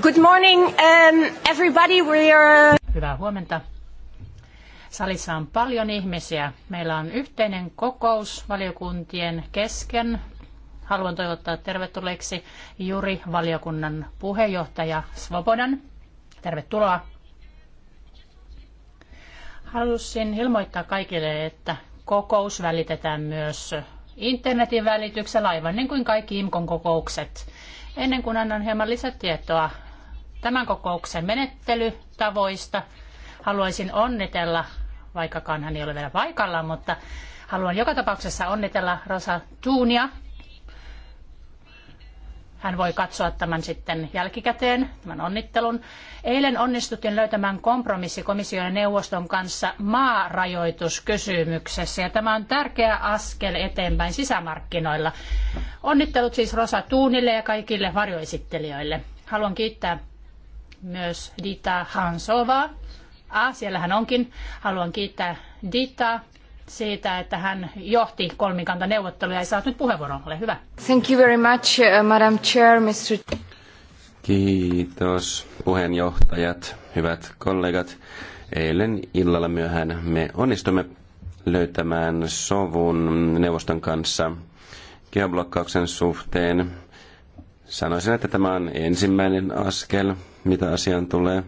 Good morning, um, everybody. We are... Hyvää huomenta. Salissa on paljon ihmisiä. Meillä on yhteinen kokous valiokuntien kesken. Haluan toivottaa tervetulleeksi Juri valiokunnan puheenjohtaja Svobodan. Tervetuloa. Halusin ilmoittaa kaikille, että kokous välitetään myös internetin välityksellä, aivan niin kuin kaikki IMKon kokoukset. Ennen kuin annan hieman lisätietoa tämän kokouksen menettelytavoista, haluaisin onnitella, vaikkakaan hän ei ole vielä paikalla, mutta haluan joka tapauksessa onnitella Rosa Tuunia hän voi katsoa tämän sitten jälkikäteen, tämän onnittelun. Eilen onnistuttiin löytämään kompromissi komission ja neuvoston kanssa maarajoituskysymyksessä, ja tämä on tärkeä askel eteenpäin sisämarkkinoilla. Onnittelut siis Rosa Tuunille ja kaikille varjoesittelijöille. Haluan kiittää myös Dita Hansovaa. Ah, siellä hän onkin. Haluan kiittää Dita siitä, että hän johti kolmikantaneuvotteluja ja saat nyt puheenvuoron. Ole hyvä. Thank you very much, uh, Madam Chair, Mr. Kiitos puheenjohtajat, hyvät kollegat. Eilen illalla myöhään me onnistumme löytämään sovun neuvoston kanssa geoblokkauksen suhteen. Sanoisin, että tämä on ensimmäinen askel, mitä asiaan tulee.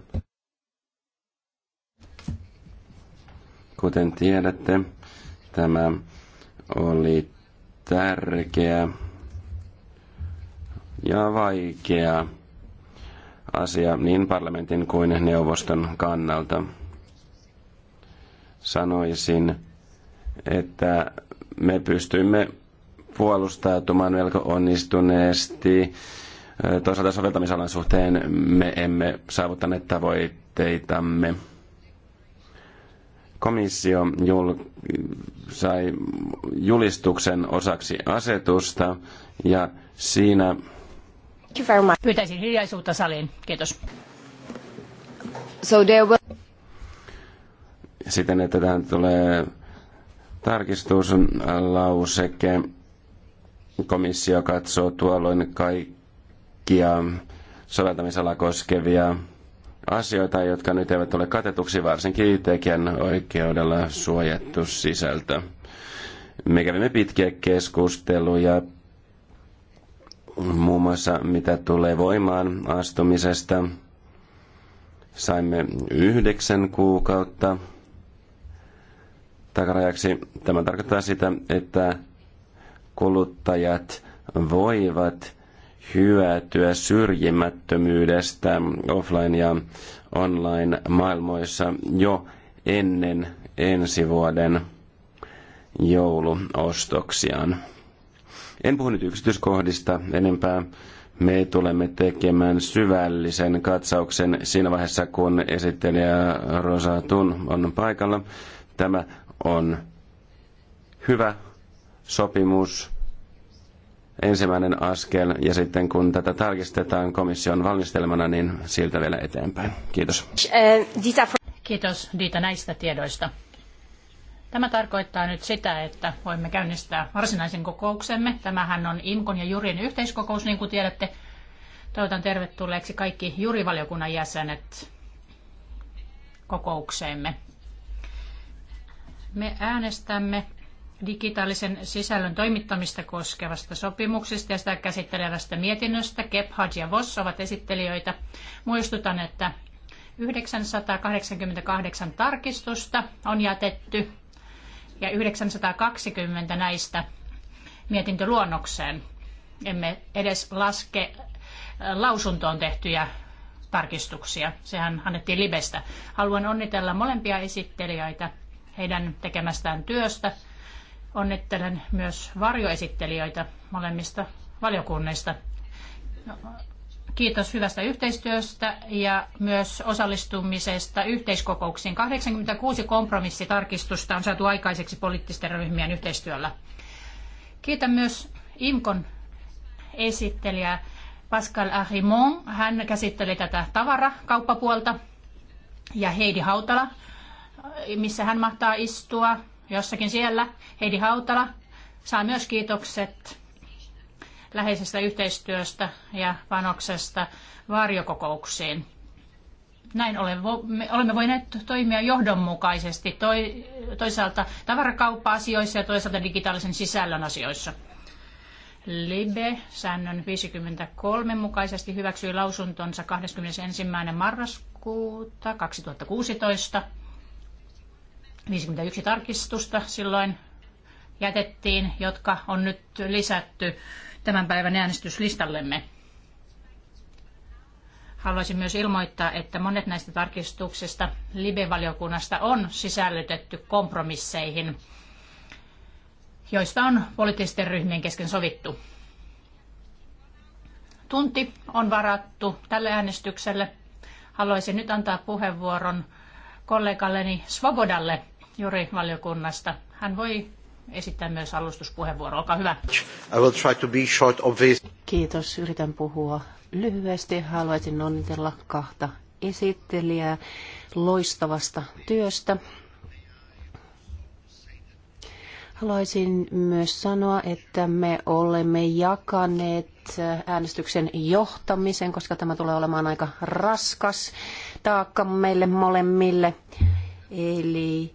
Kuten tiedätte, Tämä oli tärkeä ja vaikea asia niin parlamentin kuin neuvoston kannalta. Sanoisin, että me pystymme puolustautumaan melko onnistuneesti. Toisaalta soveltamisalan suhteen me emme saavuttaneet tavoitteitamme. Komissio jul, sai julistuksen osaksi asetusta ja siinä... Pyytäisin hiljaisuutta saliin. Kiitos. So there will... Siten, että tähän tulee tarkistuslauseke. Komissio katsoo tuolloin kaikkia soveltamisala koskevia asioita, jotka nyt eivät ole katetuksi, varsinkin tekijän oikeudella suojattu sisältö. Me kävimme pitkiä keskusteluja muun muassa mitä tulee voimaan astumisesta. Saimme yhdeksän kuukautta takarajaksi. Tämä tarkoittaa sitä, että kuluttajat voivat hyötyä syrjimättömyydestä offline- ja online-maailmoissa jo ennen ensi vuoden jouluostoksiaan. En puhu nyt yksityiskohdista enempää. Me tulemme tekemään syvällisen katsauksen siinä vaiheessa, kun esittelijä Rosa Tun on paikalla. Tämä on hyvä sopimus ensimmäinen askel, ja sitten kun tätä tarkistetaan komission valmistelemana, niin siltä vielä eteenpäin. Kiitos. Kiitos Diita näistä tiedoista. Tämä tarkoittaa nyt sitä, että voimme käynnistää varsinaisen kokouksemme. Tämähän on IMKON ja Jurin yhteiskokous, niin kuin tiedätte. Toivotan tervetulleeksi kaikki Jurivaliokunnan jäsenet kokoukseemme. Me äänestämme digitaalisen sisällön toimittamista koskevasta sopimuksesta ja sitä käsittelevästä mietinnöstä. Gebhard ja Voss ovat esittelijöitä. Muistutan, että 988 tarkistusta on jätetty ja 920 näistä mietintöluonnokseen. Emme edes laske äh, lausuntoon tehtyjä tarkistuksia. Sehän annettiin libestä. Haluan onnitella molempia esittelijöitä heidän tekemästään työstä – Onnittelen myös varjoesittelijöitä molemmista valiokunnista. No, kiitos hyvästä yhteistyöstä ja myös osallistumisesta yhteiskokouksiin. 86 kompromissitarkistusta on saatu aikaiseksi poliittisten ryhmien yhteistyöllä. Kiitän myös IMKON esittelijää Pascal Arimon. Hän käsitteli tätä tavarakauppapuolta ja Heidi Hautala, missä hän mahtaa istua jossakin siellä. Heidi Hautala saa myös kiitokset läheisestä yhteistyöstä ja panoksesta varjokokouksiin. Näin olemme voineet toimia johdonmukaisesti toisaalta tavarakauppa-asioissa ja toisaalta digitaalisen sisällön asioissa. Libe säännön 53 mukaisesti hyväksyi lausuntonsa 21. marraskuuta 2016. 51 tarkistusta silloin jätettiin, jotka on nyt lisätty tämän päivän äänestyslistallemme. Haluaisin myös ilmoittaa, että monet näistä tarkistuksista Libe-valiokunnasta on sisällytetty kompromisseihin, joista on poliittisten ryhmien kesken sovittu. Tunti on varattu tälle äänestykselle. Haluaisin nyt antaa puheenvuoron kollegalleni Svobodalle, Juri valiokunnasta. Hän voi esittää myös alustuspuheenvuoro. Olkaa hyvä. I will try to be short, Kiitos. Yritän puhua lyhyesti. Haluaisin onnitella kahta esittelijää loistavasta työstä. Haluaisin myös sanoa, että me olemme jakaneet äänestyksen johtamisen, koska tämä tulee olemaan aika raskas taakka meille molemmille. Eli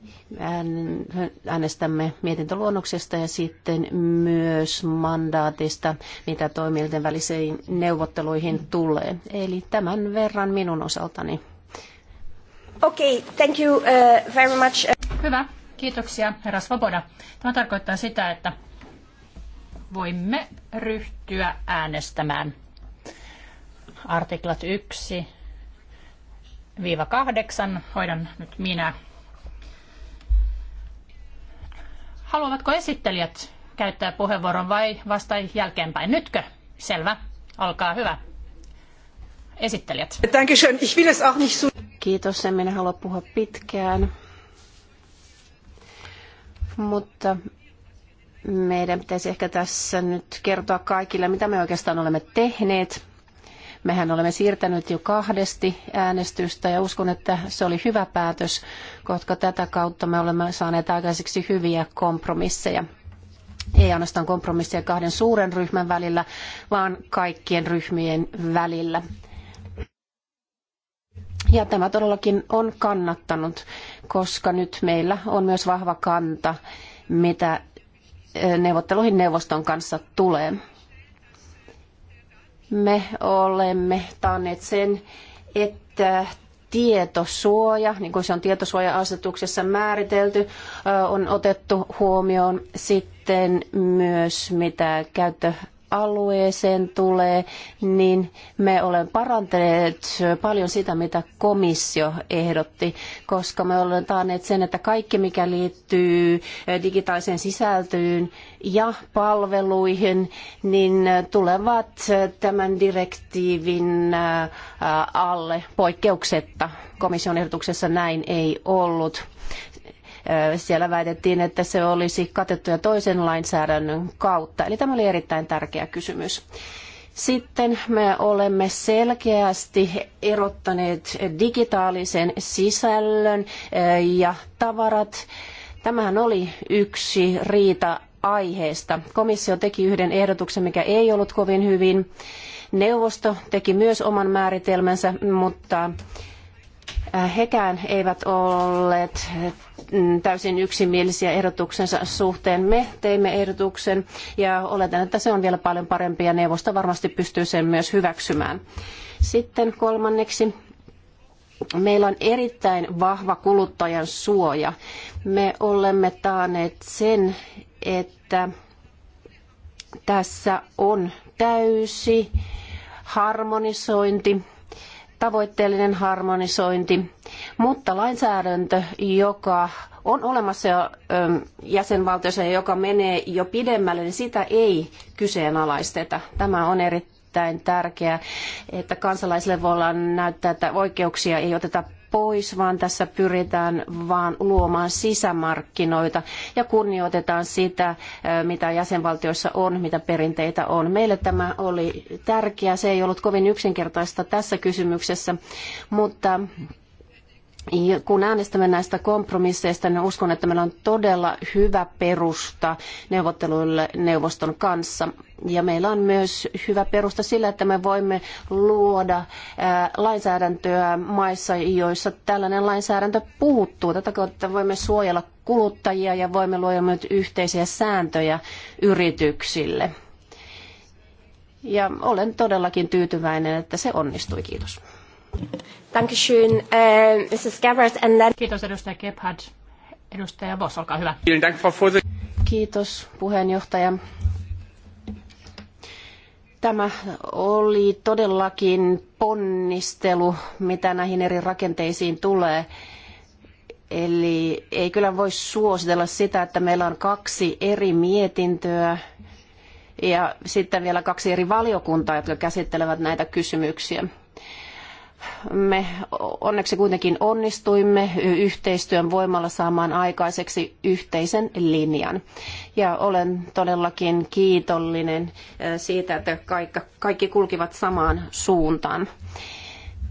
äänestämme mietintöluonnoksesta ja sitten myös mandaatista, mitä toimielten välisiin neuvotteluihin tulee. Eli tämän verran minun osaltani. Okei, okay, thank you uh, very much. Hyvä, kiitoksia herra Svoboda. Tämä tarkoittaa sitä, että voimme ryhtyä äänestämään. Artiklat 1, Viiva 8 hoidan nyt minä. Haluavatko esittelijät käyttää puheenvuoron vai vasta jälkeenpäin? Nytkö? Selvä. Olkaa hyvä. Esittelijät. Kiitos, en minä halua puhua pitkään. Mutta meidän pitäisi ehkä tässä nyt kertoa kaikille, mitä me oikeastaan olemme tehneet Mehän olemme siirtäneet jo kahdesti äänestystä ja uskon, että se oli hyvä päätös, koska tätä kautta me olemme saaneet aikaiseksi hyviä kompromisseja ei ainoastaan kompromisseja kahden suuren ryhmän välillä, vaan kaikkien ryhmien välillä. Ja tämä todellakin on kannattanut, koska nyt meillä on myös vahva kanta, mitä eh, neuvotteluihin neuvoston kanssa tulee me olemme taanneet sen, että tietosuoja, niin kuin se on tietosuoja-asetuksessa määritelty, on otettu huomioon sitten myös, mitä käyttö alueeseen tulee, niin me olemme parantaneet paljon sitä, mitä komissio ehdotti, koska me olemme taanneet sen, että kaikki mikä liittyy digitaaliseen sisältöön ja palveluihin, niin tulevat tämän direktiivin alle poikkeuksetta. Komission ehdotuksessa näin ei ollut siellä väitettiin, että se olisi katettu jo toisen lainsäädännön kautta. Eli tämä oli erittäin tärkeä kysymys. Sitten me olemme selkeästi erottaneet digitaalisen sisällön ja tavarat. Tämähän oli yksi riita aiheesta. Komissio teki yhden ehdotuksen, mikä ei ollut kovin hyvin. Neuvosto teki myös oman määritelmänsä, mutta Äh, hekään eivät olleet mm, täysin yksimielisiä ehdotuksensa suhteen. Me teimme ehdotuksen ja oletan, että se on vielä paljon parempi ja neuvosto varmasti pystyy sen myös hyväksymään. Sitten kolmanneksi meillä on erittäin vahva kuluttajan suoja. Me olemme taaneet sen, että tässä on täysi harmonisointi tavoitteellinen harmonisointi, mutta lainsäädäntö, joka on olemassa jo ähm, jäsenvaltiossa ja joka menee jo pidemmälle, niin sitä ei kyseenalaisteta. Tämä on erittäin tärkeää, että kansalaisille voidaan näyttää, että oikeuksia ei oteta pois, vaan tässä pyritään vaan luomaan sisämarkkinoita ja kunnioitetaan sitä, mitä jäsenvaltioissa on, mitä perinteitä on. Meille tämä oli tärkeä, se ei ollut kovin yksinkertaista tässä kysymyksessä, mutta ja kun äänestämme näistä kompromisseista, niin uskon, että meillä on todella hyvä perusta neuvotteluille neuvoston kanssa. Ja meillä on myös hyvä perusta sillä, että me voimme luoda lainsäädäntöä maissa, joissa tällainen lainsäädäntö puuttuu. Tätä kautta voimme suojella kuluttajia ja voimme luoda myös yhteisiä sääntöjä yrityksille. Ja olen todellakin tyytyväinen, että se onnistui. Kiitos. Dankeschön, äh, Mrs. And then... Kiitos edustaja Gebhardt. Edustaja Voss, olkaa hyvä. Kiitos puheenjohtaja. Tämä oli todellakin ponnistelu, mitä näihin eri rakenteisiin tulee. Eli ei kyllä voi suositella sitä, että meillä on kaksi eri mietintöä ja sitten vielä kaksi eri valiokuntaa, jotka käsittelevät näitä kysymyksiä me onneksi kuitenkin onnistuimme yhteistyön voimalla saamaan aikaiseksi yhteisen linjan. Ja olen todellakin kiitollinen siitä, että kaikki kulkivat samaan suuntaan.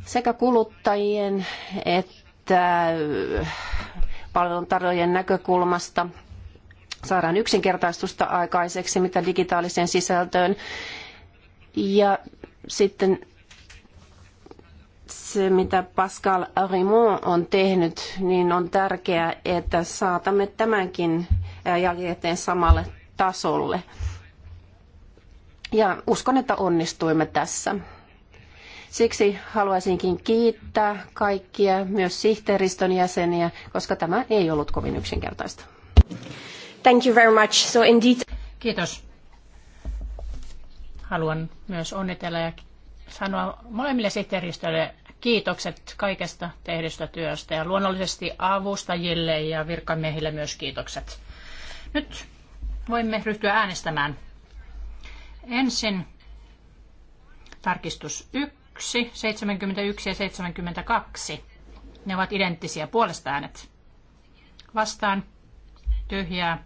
Sekä kuluttajien että palveluntarjoajien näkökulmasta saadaan yksinkertaistusta aikaiseksi, mitä digitaaliseen sisältöön. Ja sitten se, mitä Pascal Arimon on tehnyt, niin on tärkeää, että saatamme tämänkin jälkikäteen samalle tasolle. Ja uskon, että onnistuimme tässä. Siksi haluaisinkin kiittää kaikkia, myös sihteeristön jäseniä, koska tämä ei ollut kovin yksinkertaista. Thank you very much. So indeed... Kiitos. Haluan myös onnitella ja sanoa molemmille sihteeristöille kiitokset kaikesta tehdystä työstä ja luonnollisesti avustajille ja virkamiehille myös kiitokset. Nyt voimme ryhtyä äänestämään. Ensin tarkistus 1, 71 ja 72. Ne ovat identtisiä puolesta äänet. Vastaan tyhjää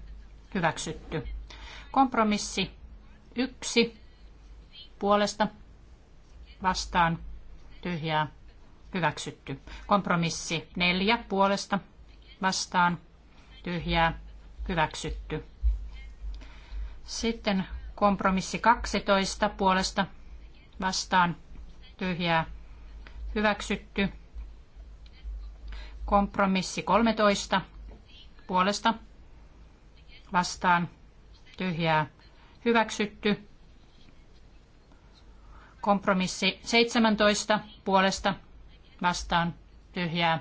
hyväksytty. Kompromissi 1 puolesta vastaan tyhjää hyväksytty. Kompromissi neljä puolesta vastaan tyhjää hyväksytty. Sitten kompromissi 12 puolesta vastaan tyhjää hyväksytty. Kompromissi 13 puolesta vastaan tyhjää hyväksytty. Kompromissi 17 puolesta vastaan tyhjää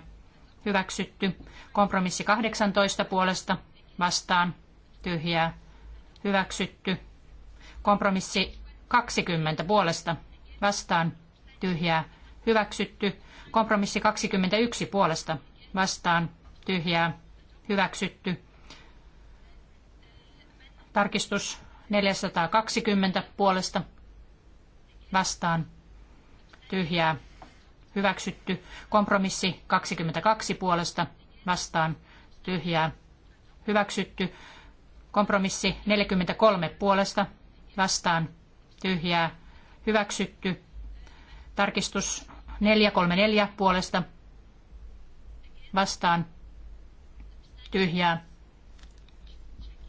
hyväksytty. Kompromissi 18 puolesta vastaan tyhjää hyväksytty. Kompromissi 20 puolesta vastaan tyhjää hyväksytty. Kompromissi 21 puolesta vastaan tyhjää hyväksytty. Tarkistus 420 puolesta vastaan tyhjää hyväksytty. Kompromissi 22 puolesta vastaan tyhjää hyväksytty. Kompromissi 43 puolesta vastaan tyhjää hyväksytty. Tarkistus 434 puolesta vastaan tyhjää.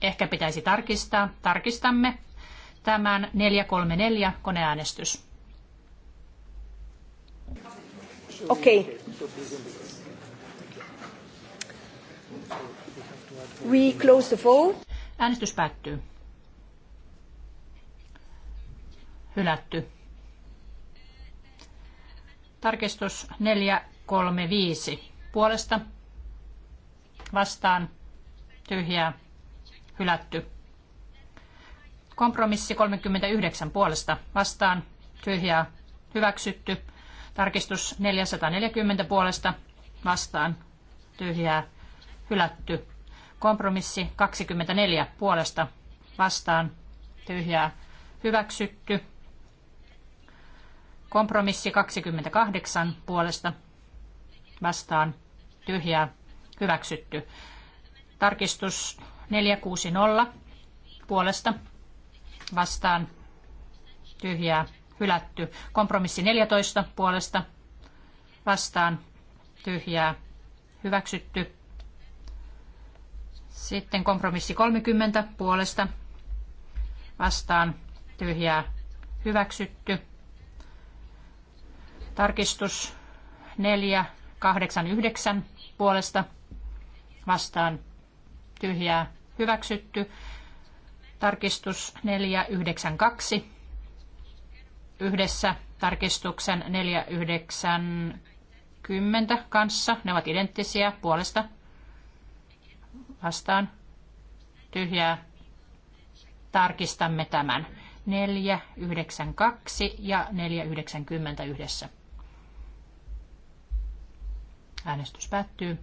Ehkä pitäisi tarkistaa. Tarkistamme tämän 434 koneäänestys. Okei. Okay. We close the vote. Äänestys päättyy. Hylätty. Tarkistus 435. Puolesta. Vastaan. Tyhjää. Hylätty. Kompromissi 39 puolesta vastaan tyhjää hyväksytty. Tarkistus 440 puolesta vastaan tyhjää hylätty. Kompromissi 24 puolesta vastaan tyhjää hyväksytty. Kompromissi 28 puolesta vastaan tyhjää hyväksytty. Tarkistus 460 puolesta vastaan tyhjää hylätty. Kompromissi 14 puolesta vastaan tyhjää hyväksytty. Sitten kompromissi 30 puolesta vastaan tyhjää hyväksytty. Tarkistus 4, 8, 9 puolesta vastaan tyhjää hyväksytty tarkistus 492 yhdessä tarkistuksen 490 kanssa. Ne ovat identtisiä puolesta vastaan tyhjää. Tarkistamme tämän. 492 ja 490 yhdessä. Äänestys päättyy.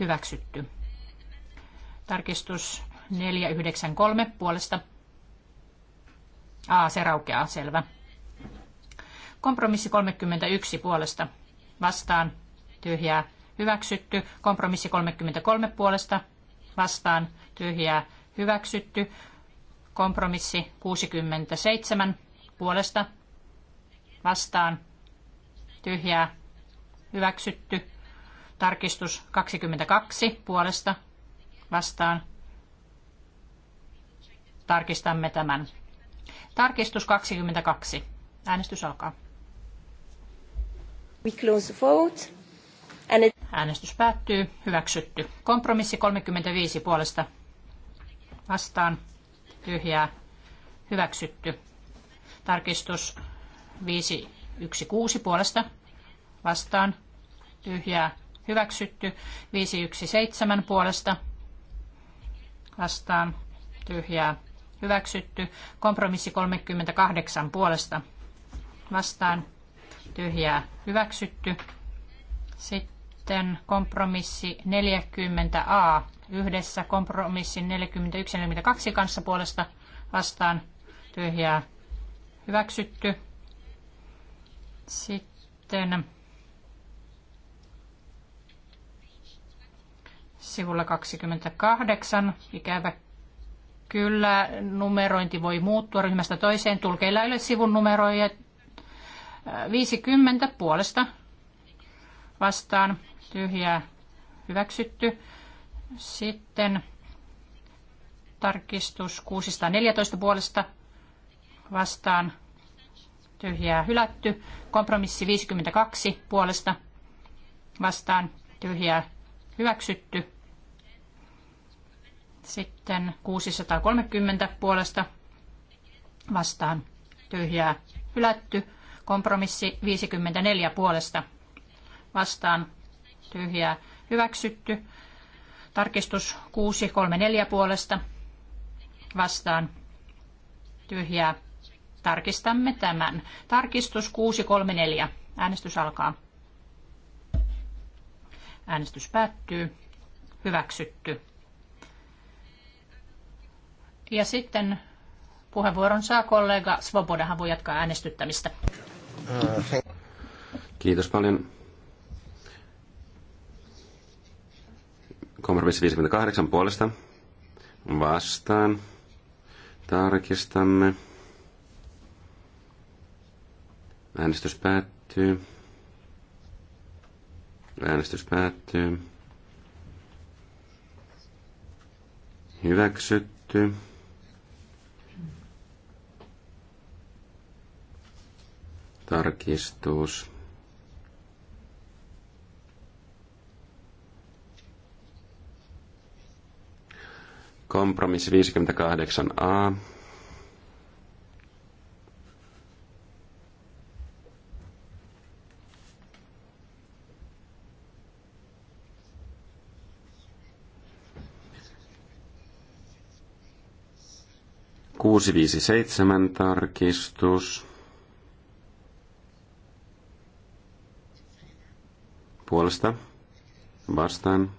Hyväksytty. Tarkistus 493 puolesta. A, se raukeaa, selvä. Kompromissi 31 puolesta. Vastaan. Tyhjää. Hyväksytty. Kompromissi 33 puolesta. Vastaan. Tyhjää. Hyväksytty. Kompromissi 67 puolesta. Vastaan. Tyhjää. Hyväksytty. Tarkistus 22 puolesta. Vastaan tarkistamme tämän. Tarkistus 22. Äänestys alkaa. We close the vote. And it... Äänestys päättyy. Hyväksytty. Kompromissi 35 puolesta. Vastaan. Tyhjää. Hyväksytty. Tarkistus 516 puolesta. Vastaan. Tyhjää. Hyväksytty. 517 puolesta. Vastaan. Tyhjää Hyväksytty. Kompromissi 38 puolesta. Vastaan. Tyhjää. Hyväksytty. Sitten kompromissi 40a yhdessä kompromissin 41 ja 42 kanssa puolesta vastaan tyhjää hyväksytty. Sitten sivulla 28, ikävä Kyllä numerointi voi muuttua ryhmästä toiseen. Tulkeilla ei ole sivun numeroja. 50 äh, puolesta vastaan tyhjää hyväksytty. Sitten tarkistus 614 puolesta vastaan tyhjää hylätty. Kompromissi 52 puolesta vastaan tyhjää hyväksytty. Sitten 630 puolesta vastaan tyhjää hylätty. Kompromissi 54 puolesta vastaan tyhjää hyväksytty. Tarkistus 634 puolesta vastaan tyhjää. Tarkistamme tämän. Tarkistus 634. Äänestys alkaa. Äänestys päättyy. Hyväksytty. Ja sitten puheenvuoron saa kollega Svoboda, hän voi jatkaa äänestyttämistä. Kiitos paljon. Kompromissi 58 puolesta. Vastaan. Tarkistamme. Äänestys päättyy. Äänestys päättyy. Hyväksytty. tarkistus. Kompromissi 58a. Kuusi viisi seitsemän tarkistus. puolesta vastaan.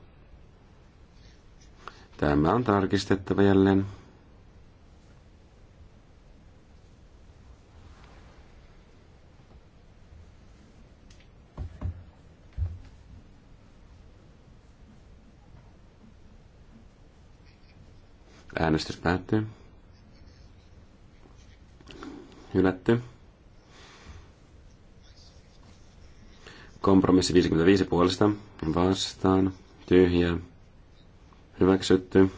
Tämä on tarkistettava jälleen. Äänestys päättyy. Hylätty. Kompromissi 55 puolesta vastaan. Tyhjä. Hyväksytty.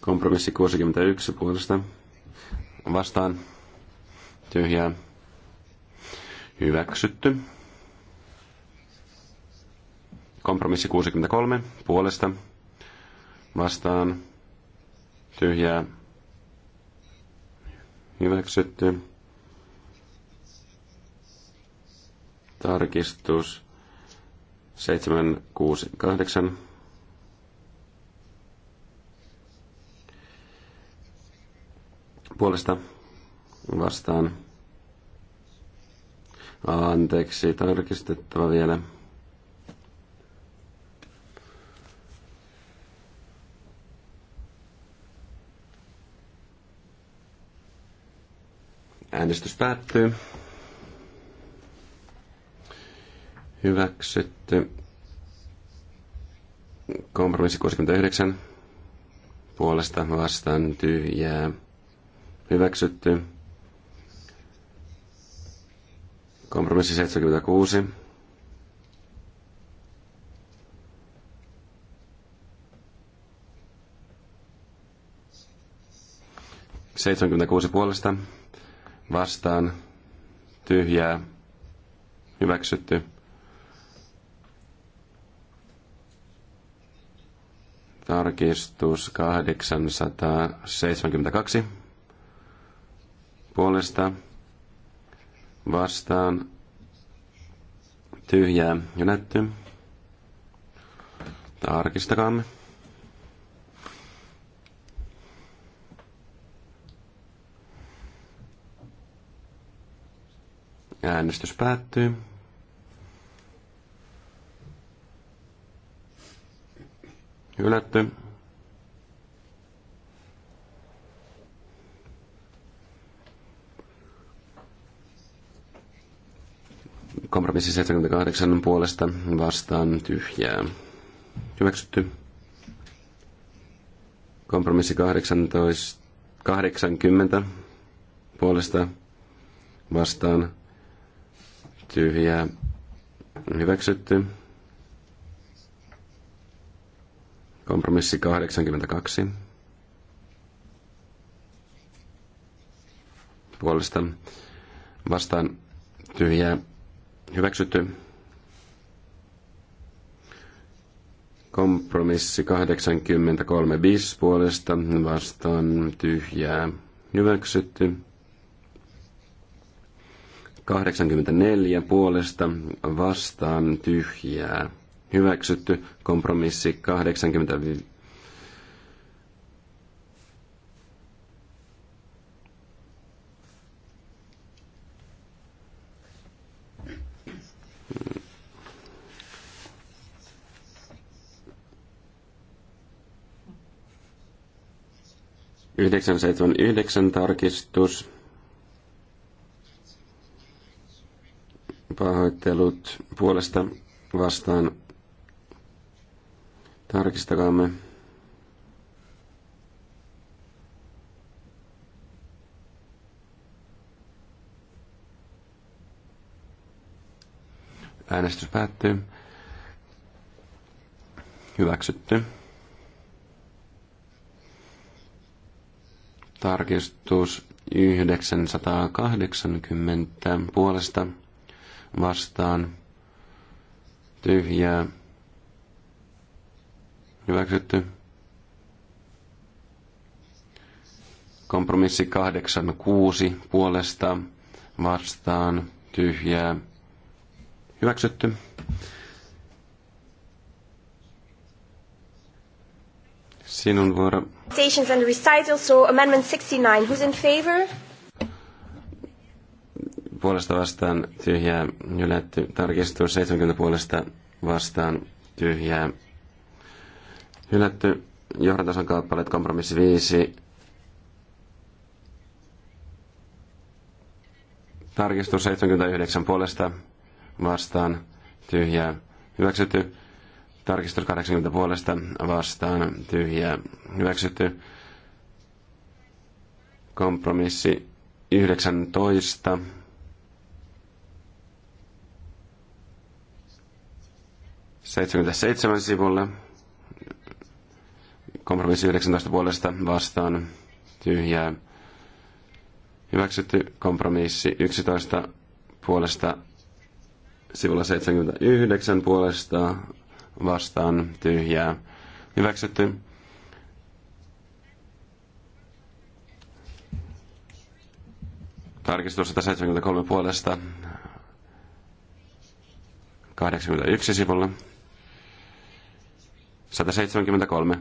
Kompromissi 61 puolesta vastaan. Tyhjää. Hyväksytty. Kompromissi 63 puolesta vastaan. Tyhjää hyväksytty. Tarkistus 768. Puolesta vastaan. Anteeksi, tarkistettava vielä. Äänestys päättyy. Hyväksytty. Kompromissi 69. Puolesta vastaan tyhjää. Hyväksytty. Kompromissi 76. Seitsemänkymmentäkuusi puolesta vastaan tyhjää hyväksytty. Tarkistus 872 puolesta vastaan tyhjää hylätty. Tarkistakaamme. Äänestys päättyy. Hylätty. Kompromissi 78 puolesta vastaan tyhjää. Hyväksytty. Kompromissi 18, 80 puolesta vastaan tyhjää hyväksytty. Kompromissi 82. Puolesta vastaan tyhjää hyväksytty. Kompromissi 83 bis puolesta vastaan tyhjää hyväksytty. 84 puolesta vastaan tyhjää. Hyväksytty kompromissi 85. Yhdeksän seitsemän yhdeksän tarkistus pahoittelut puolesta vastaan. Tarkistakaamme. Äänestys päättyy. Hyväksytty. Tarkistus 980 puolesta vastaan tyhjää hyväksytty. Kompromissi 86 puolesta vastaan tyhjää hyväksytty. Sinun vuoro. Stations and recital, so amendment 69. Who's in favor? puolesta vastaan tyhjää hylätty. Tarkistus 70 puolesta vastaan tyhjää hylätty. Johdantason kappaleet kompromissi 5. Tarkistus 79 puolesta vastaan tyhjää hyväksytty. Tarkistus 80 puolesta vastaan tyhjää hyväksytty. Kompromissi 19 77 sivulle. Kompromissi 19 puolesta vastaan tyhjää. Hyväksytty kompromissi 11 puolesta sivulla 79 puolesta vastaan tyhjää. Hyväksytty. Tarkistus 173 puolesta 81 sivulla 173.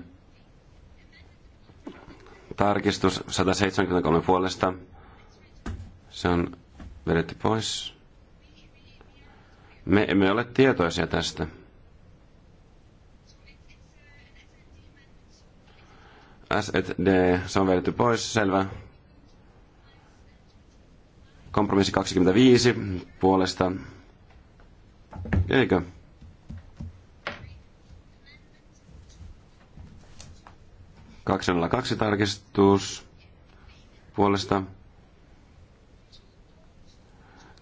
Tarkistus 173 puolesta. Se on vedetty pois. Me emme ole tietoisia tästä. SED, se on vedetty pois, selvä. Kompromissi 25 puolesta. Eikö? 202 tarkistus puolesta.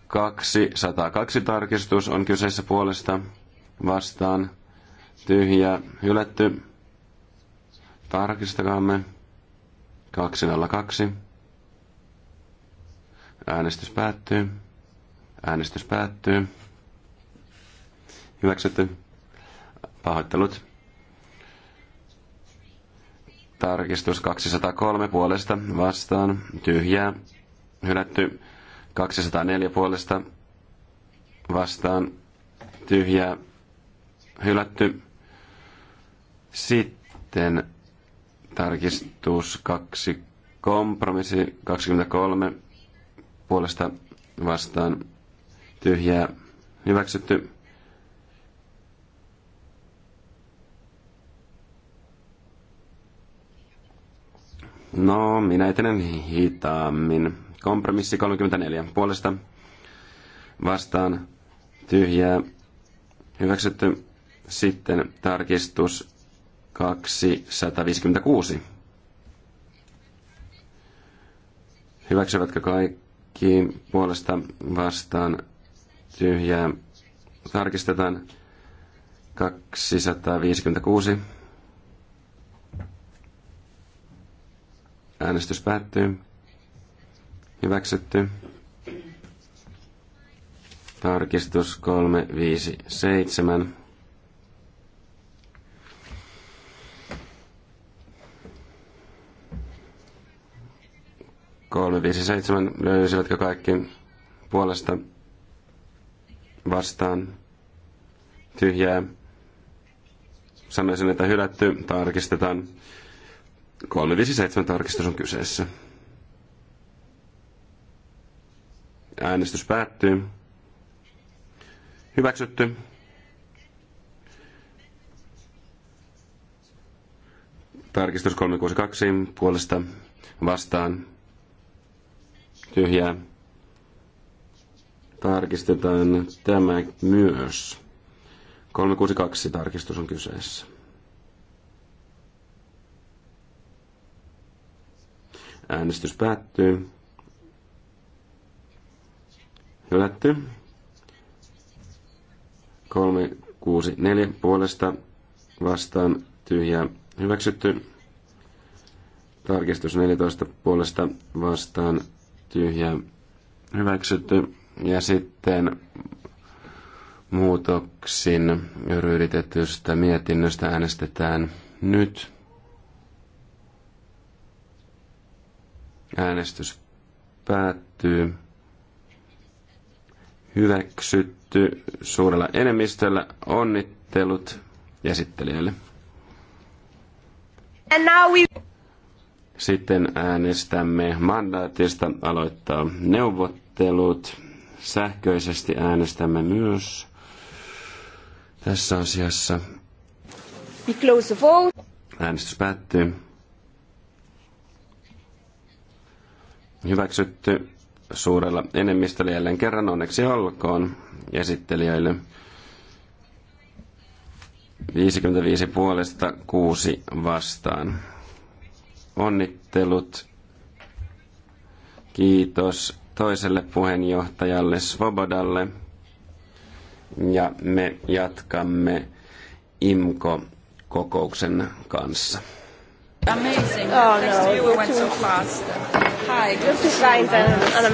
202 tarkistus on kyseessä puolesta vastaan. Tyhjä hylätty. Tarkistakaamme. 202. Äänestys päättyy. Äänestys päättyy. Hyväksytty. Pahoittelut. Tarkistus 203 puolesta vastaan. Tyhjää. Hylätty. 204 puolesta vastaan. Tyhjää. Hylätty. Sitten tarkistus 2, kompromissi 23 puolesta vastaan tyhjää hyväksytty. No, minä etenen hitaammin. Kompromissi 34. Puolesta vastaan tyhjää. Hyväksytty. Sitten tarkistus 256. Hyväksyvätkö kaikki puolesta vastaan tyhjää? Tarkistetaan 256. Äänestys päättyy. Hyväksytty. Tarkistus 357. Kolme, viisi, seitsemän. Löysivätkö kaikki puolesta vastaan tyhjää? Sanoisin, että hylätty. Tarkistetaan. 357 tarkistus on kyseessä. Äänestys päättyy. Hyväksytty. Tarkistus 362 puolesta vastaan. Tyhjää. Tarkistetaan tämä myös. 362 tarkistus on kyseessä. Äänestys päättyy. Hylätty. 4 puolesta vastaan tyhjää hyväksytty. Tarkistus 14 puolesta vastaan tyhjää hyväksytty. Ja sitten muutoksin ryhdytetystä mietinnöstä äänestetään nyt. Äänestys päättyy. Hyväksytty suurella enemmistöllä. Onnittelut esittelijälle. Sitten äänestämme mandaatista aloittaa neuvottelut. Sähköisesti äänestämme myös tässä asiassa. We close the vote. Äänestys päättyy. hyväksytty suurella enemmistöllä jälleen kerran onneksi olkoon esittelijöille. 55 puolesta, 6 vastaan. Onnittelut. Kiitos toiselle puheenjohtajalle Svobodalle. Ja me jatkamme IMKO-kokouksen kanssa. Amazing. Oh, Thanks no, to you, we went so fast. Hi, good to find an, an